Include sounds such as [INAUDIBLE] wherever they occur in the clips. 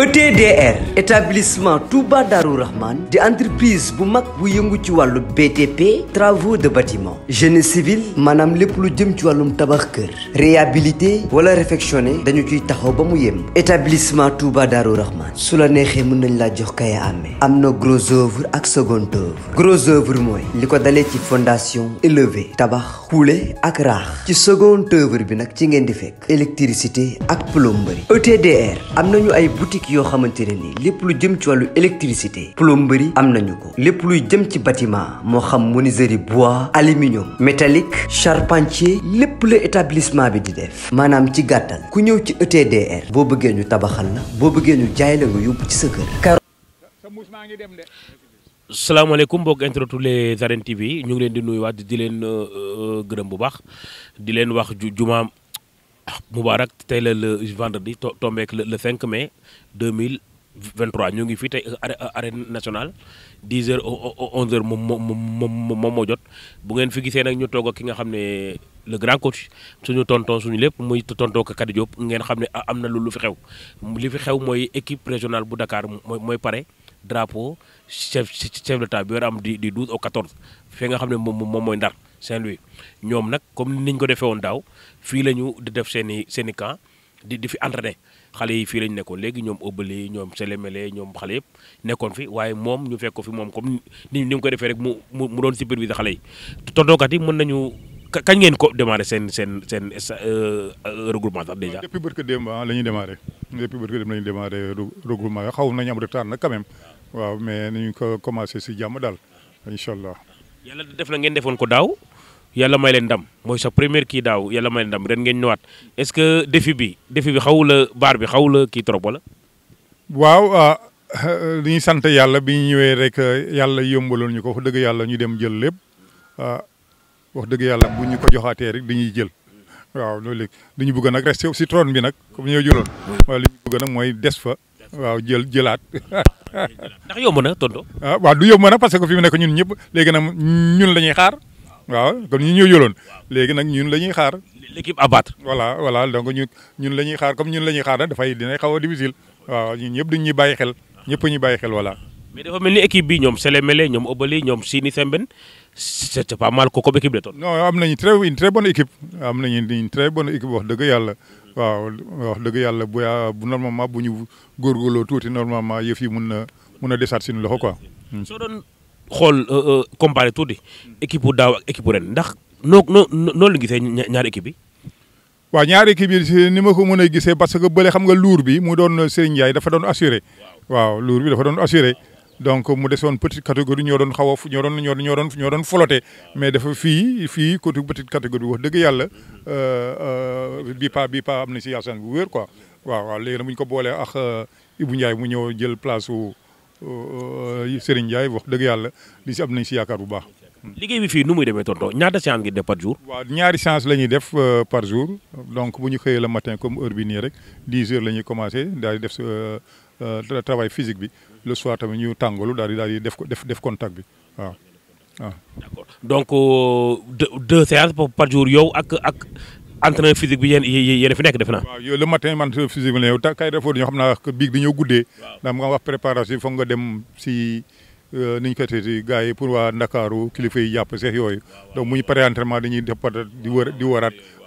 ETDR établissement Touba Darou Rahman di entreprise bu mag bu yëngu ci wàllu BTP travaux de bâtiment génie civil maanaam lépp lu jëm ci wàllum tabax kër réhabilité wala réfectionné dañu ciy taxaw ba mu yem établissement Touba Darou Rahman su la neexee mën nañ laa jox kaya amee am na gros œuvre ak second œuvre gros œuvre mooy li ko dalee ci fondation élevé tabax xuule ak raax ci second œuvre bi nag ci ngeen di fekk électricité ak plomberie ETDR am nañu ay boutique yoo xamante ne nii lépp lu jëm ci wàllu électricité plomberie am nañu ko lépp luy jëm ci bâtiment moo xam ni menuiserie bois aluminium métallique charpentier lépp la établissement bi di def maanaam ci gàttal ku ñëw ci ETDR boo bëggee ñu tabaxal la boo bëggee ñu jaay la nga yóbbu ci sa kër. salaamaaleykum mbokk internetu les arènes TV ñu ngi leen di nuyuwaat di leen euh, euh, gërëm bu baax di leen wax jumaam Moubarak tey la le vendredi tombeek le 5 mai 2023 ñu ngi fii tey arène nationale 10 heures 11 heures moom moom moom moo jot bu ngeen fi gisee nag ñu toog ak ki nga xam ne le grand coach suñu tonton suñu lépp muy tonton Kadi Diop ngeen xam ne am na lu fi xew li fi xew mooy équipe régionale bu Dakar mooy mooy pare drapeau chef chef d'état bi war am di di 12 au 14 fi nga xam ne moom moom mooy Ndar. Saint-Louis ñoom nag comme ni ñu ko defee woon daaw fii la ñu di def seen i seen i camp di di fi entraîné xale yi fii la nekkoon léegi ñoom ëbbali ñoom selemele ñoom xale yëpp nekkoon fi waaye moom ñu fekk ko fi moom comme ni ni mu ko defee rek mu mu mu doon superviser xale yi tontookat yi mën nañu kañ ngeen ko démarré seen seen seen euh, regroupement sax déjà. depuis barke démb ah, la ñuy démarré depuis barke la ñuy démarré regroupement yi xaw nañu am retard nag quand même ah. waaw mais ni ñu ko commencé si jàmm daal incha allah. yàlla def na ngeen defoon ko daaw yàlla may leen ndam mooy sa première kii daaw yàlla may leen ndam ren ngeen ñëwaat est-ce que défi bi defi bi xaw la baar bi xaw la kii trop wala. waaw ah, li [LAUGHS] ñu sant yàlla bi ñu ñëwee rek ah, yàlla yombaloon ñu ko wax dëgg yàlla ñu dem jël lépp ah, wax dëgg yàlla bu ko joxaatee rek dañuy jël. waaw loolu léegi li ñu bëgg nag rester si trône bi nag comme ñoo jëloon. waaw li ñu bëgg nag mooy des fa. waaw jël jëlaat. [LAUGHS] ndax yomb na tonton. ah waaw du yomb nag parce que fi mu nekk ñun ñëpp léegi nag ñun la ñuy xaar. waaw comme ñi ñoo jëloon. léegi nag ñun la ñuy xaar. l'équipe à battre. voilà voilà donc ñun la ñuy xaar comme ñun la ñuy xaar nag dafay dinay xaw a difficile. waaw ñun ñëpp dañ bàyyi xel. ñëpp ñu bàyyi xel voilà. mais dafa mel ni équipe bi ñoom Sélémélé ñoom Obali ñoom Sini Sembène c'est pas mal ko comme équipe de ton. non am nañu très une très bonne équipe am nañu une très bonne équipe wax dëgg yàlla. waaw wax dëgg yàlla bu bu normalement bu ñu góorgóorloo tuuti normalement yëf yi mun na mun a desaat suñu loxo quoi. Hmm. xool euh, euh, comparé tuuti équipe bu daaw ak ren ndax noo noo noonu la gisee ñaari équipe bi waaw ñaari équipe bi si ni ma ko mën a gisee parce que bële xam nga luur bi mu doon Serigne Ndiaye dafa doon assuré. waaw luur bi dafa doon assuré. donc mu desoon petite catégorie ñoo doon xaw a ñoo doon ñoo doon ñoo doon flotté mais dafa fii fii côté petite catégorie wax dëgg yàlla mm-hmm. euh, bii pa bii pa am na si yaasaan bu wér quoi mm-hmm. waaw waaw léegi nag bu ñu ko boolee ax Ibou Ndiaye mu ñëw jël place su. Euh, euh, Serigne Ndiaye wax dëgg yàlla li si am nañ si yaakaar bu baax. liggéey bi fii nu muy demee tonton ñaata séance ngi def par jour. ñaari séance la ñuy def euh, par jour donc bu ñu xëyee le matin comme heure bi nii rek 10 heures la commencé daal def travail physique bi le soir tamit ñu tàngalu daal di daal di def def def contact bi waaw waaw. Ah. d'accord donc deux séances par jour yow ak ak entraîneur physique bi yéen yéen fi nekk def naa. waaw yow le matin man physique dañoo xam naa ah, biig dañoo guddee. waaw mu nga wax préparation foog nga dem si euh, ni ñu koy pour waa Ndakaaru kilifa yi jàpp seex yooyu. donc mu ñu paree entraînement dañuy di wër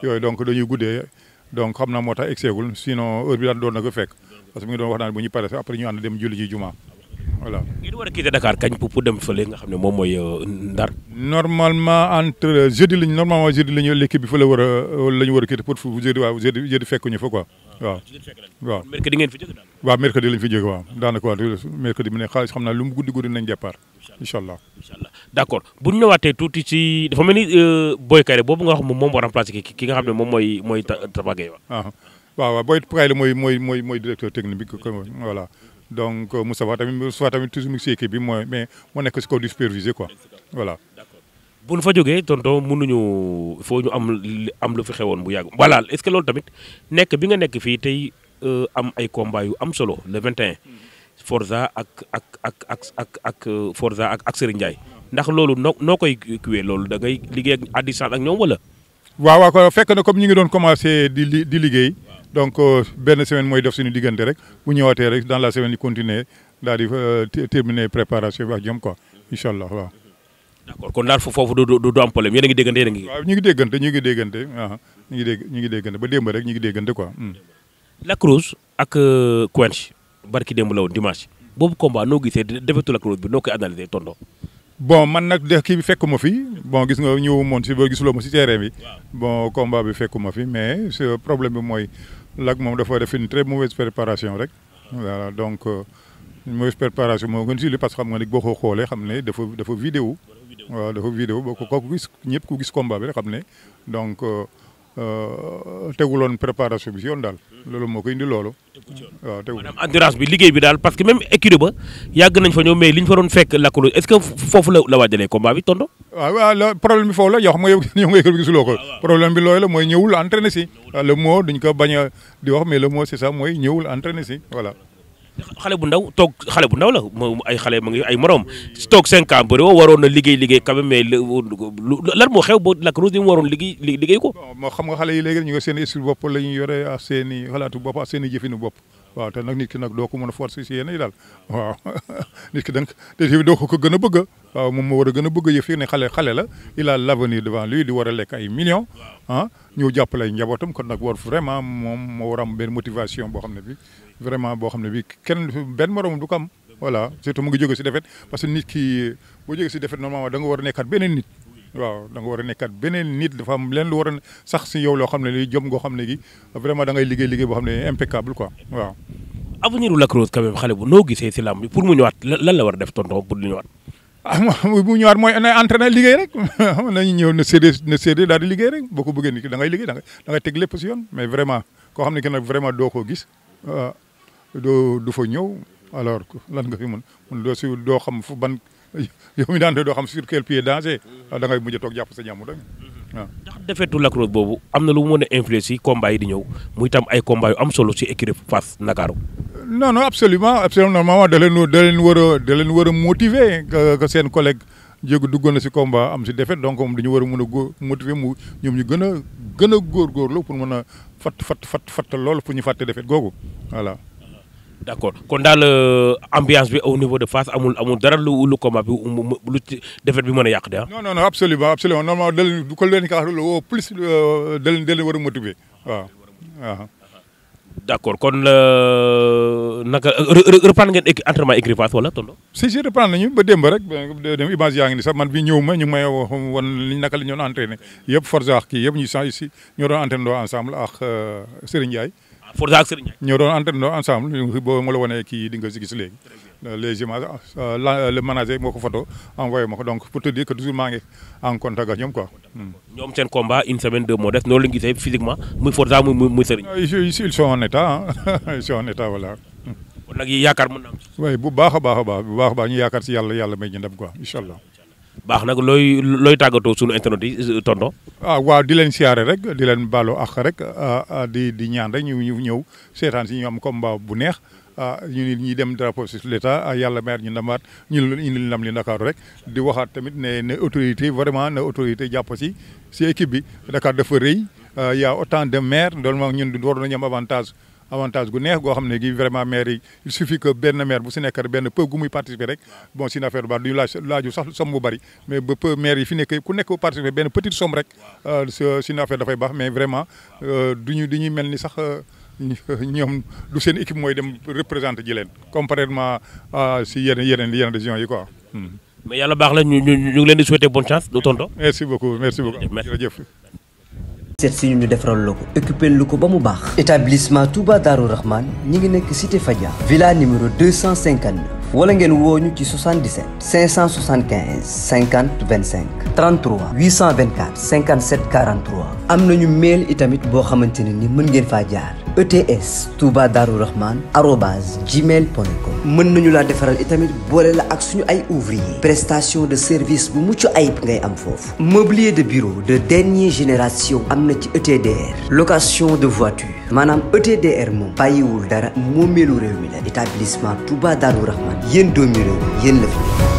yooyu donc dañuy guddee donc xam naa moo tax egseegul sinon heure bi daal doon na fekk parce que mu ngi doon ñu ànd dem julli ji jumaa voilà. ngeen war a quitter Dakar kañ pour dem fële nga xam ne moom mooy euh, Ndar. normalement entre jeudi lañ normalement jeudi la ñu bi fa la war a la ñu war a kii pour jeudi waaw jeudi jeudi fekk ñu fa quoi waaw. waaw mercredi ngeen fi jóge daal. daanaka waaw mercredi mu ne xaalis guddi guddi nañ départ. incha allah incha allah d' accord bu ñu ñëwaatee tuuti euh, boobu nga wax moom moo remplacé ki ki nga xam ne moom mooy mooy ah. waaw Boy Kaïré mooy mooy mooy mooy directeur technique bi voilà donc euh, Moustapha tamit Moustapha tamit toujours mu ngi bi mooy mais mu nekk si kaw di superviser bu fa jógee tonton mënuñu il foo ñu am am lu fi xewoon bu yàgg voilà est-ce que loolu tamit nekk bi nga nekk fii tey euh, am ay combat yu am solo le 21. Forza ak ak ak ak ak ak Forza ak ak Serigne Ndiaye ndax loolu noo noo koy kiwee loolu da ngay liggéey ak à distance ak ñoom wala. waaw waaw ko fekk na comme ñu ngi doon commencé di li di liggéey. donc euh, benn semaine mooy def suñu diggante rek bu ñëwaatee rek dans la semaine yi continuer daal euh, terminer préparation bi ak ñoom ko incha allah d'accord kon daal foofu du du du am problème yéen a ngi déggante yéen a ngi. ñu ngi déggante ñu ngi déggante ah, ñu ngi ngi déggante ba démb rek ñu ngi déggante quoi. Hmm. Lac Rose ak euh, Quench barki démb la woon dimanche boobu combat noo gisee defetu Lac Rose bi noo koy analyser tonton. bon man nag de kii bi fekkuma fi bon gis nga ñëw moon si ba gisuloo ma si terrain bi. bon combat bi fekkuma fi mais problème bi mooy Lac moom dafa def une très mauvaise préparation rek. voilà donc euh, mauvaise préparation moo gën si li parce que xam nga ni boo ko xoolee xam ne dafa dafa vidéo waaw dafa vidéo boo ko ko gis ñëpp ku gis combat bi rek xam ne donc euh, euh, teguloon préparation bi si yoon daal. loolu moo koy indi loolu. waaw tegu maanaam bi liggéey bi daal parce que même écurie ba yàgg nañ fa ñëw mais li fa doon fekk lakkalo est-ce que foofu la waajalee combat bi tonton. Ah, waaw waaw problème bi foofu la yoo xam [LAUGHS] ah, la mooy ñëwul entraîné bañ a di wax mais le mot c'est ça mooy ñëwul entraîné si xale bu ndaw toog xale bu ndaw la ay xale ma ngi ay morom toog 5 ans bëri woo waroon na liggéey liggéey quand même mais lan moo xew ba Lac Rose waroon liggéey liggéey ko. moo xam nga xale yi léegi ñu ngi seen esprit bopp la ñuy yore ak seen i xalaatu bopp ak seen i bopp. waaw te nag nit ki nag doo ko mën a forcer si yéen yi daal waaw [LAUGHS] nit ki da nga doo ko ko gën a bëgg waaw moom moo war a gën a bëgg yëf yi ne xale xale la il a l'avenir devant lui di war a lekk ay millions ah ñëw jàppale ay njabootam kon nag war vraiment moom moo war a am motivation boo xam ne bi vraiment boo xam ne bi kenn benn moroom du ko am voilà surtout mu ngi jóge si defet parce que nit ki boo jóge si defet normalement da nga war a nekkaat beneen nit waaw da nga war a nekkaat beneen nit dafa am leen lu war a sax si yow loo xam ne li jom goo xam ne gi vraiment da ngay liggéey liggéey boo xam ne impeccable quoi waaw. avenir u Lac Rose quand même xale bu noo gisee si làmb pour mu ñëwaat lan la war a def tonton pour ñu ñëwaat. ah bu [LAUGHS] ñëwaat mooy na entraîné liggéey rek [LAUGHS] nañu ñëw na séedee na séedee daal di liggéey rek boo ko bëggee nit da liggéey da teg lépp si yoon mais vraiment koo xam ne que nag vraiment doo ko gis ah, doo du fa ñëw alors lan nga fi mën si doo xam fu [LAUGHS] yow mi daan doo xam sur quel pied danger ah, da ngay mujj a toog jàpp sa ñàmm tamit waaw. ndax defetu Lac Rose boobu am na lu mu mën a influer si combat yi di ñëw muy tam ay combat yu am solo si écurie Fass Ndakaaru. non non absolument absolument normalement da leen da leen war a da leen war a motiver que seen collègue jéegu duggoon na si komba am si défaite donc moom dañu war a mën a góor motiver mu ñoom ñu gën a gën a góorgóorlu pour mën a fat fat fat fat lool pour ñu fàtte defeet googu voilà. d' accord kon daal euh, ambiance bi au niveau de Fass amul amul dara lu lu combat bi lu ci défaite bi mën a yàq de ah. non non non absolument absolument normalement daleen du ko leen ka wax au plus euh, daleen daleen war a motiver waaw waaw. d' accord kon euh, naka reprendre ngeen entraînement écurie Fass wala tolloo. si si reprendre nañu ba démb rek dem image yaa ngi ni sax man bi ñëw ma ñu may wan li naka la ñu doon entraîné yëpp force ak kii yëpp ñu sax si ñoo doon entraîné ensemble ak Serigne Ndiaye. Forza ak Serigne ñoo doon entraînement ensemble boo ma la wanee kii di nga si gis léegi les images euh, euh, le manager moo ko photo envoyé ma ko donc pour te dire que toujours maa ngi en contact ak ñoom ko hmm. ñoom seen combat une semaine deux mois des noonu la ñu gisee physiquement muy Forza muy muy Serigne. ils sont en état ah [LAUGHS] ils sont en état bu baax a baax a baax baax ñu yaakaar si yàlla yàlla may ñu ndam quoi incha baax nag looy looy tàggatoo sunu internet yi euh, tonton. ah waaw di leen siyaare rek di leen baalu ak rek ah, ah, di di ñaan rek ñu ñu ñëw seetaan si ñu am comme combat bu neex ah, ñu nit dem drapeau sur l'état yàlla maire ñu ndamaat ñu leen indil ndam li Ndakaaru rek di waxaat tamit ne ne autorité vraiment ne autorité jàpp si si équipe bi Dakar dafa rëy y a autant de maire doon ma ñun war nañu am avantage. avantage gu neex goo xam ne gi vraiment maire yi il suffit que benn maire bu si nekk benn peu gu muy participer rek bon si affaire ba duñu laaj laaju bu ku nekk participer benn petite somme rek euh, si affaire dafay baax mais vraiment euh, duñu duñuy mel ni sax euh, [LAUGHS] ñoom du seen équipe mooy dem représenter ji leen comparativement si yeneen yeneen yeneen régions yi quoi hmm. mais yàlla baax la ñu ñu ngi leen di souhaiter bonne chance du tonton merci beaucoup merci beaucoup seet si ñu defaral la ko occupé lu ko ba mu baax établissement Touba Darou Rahman ñi ngi nekk cité Fadia villa numéro 259 wala ngeen ñu ci 77 575 50 25 33 824 57 43 am nañu mail itamit boo xamante ne ni mën ngeen faa jaar ETS Touba Darou Rahman arobase gmail point com mën nañu laa defaral itamit boole la ak suñu ay ouvrier prestation de service bu mucc ayib ngay am foofu mobilier de bureau de dernière génération am na ci ETDR location de voiture maanaam ETDR moom bàyyiwul dara moomeelu réew mi la établissement Touba Darou Rahman yéen doomi réew yéen la fi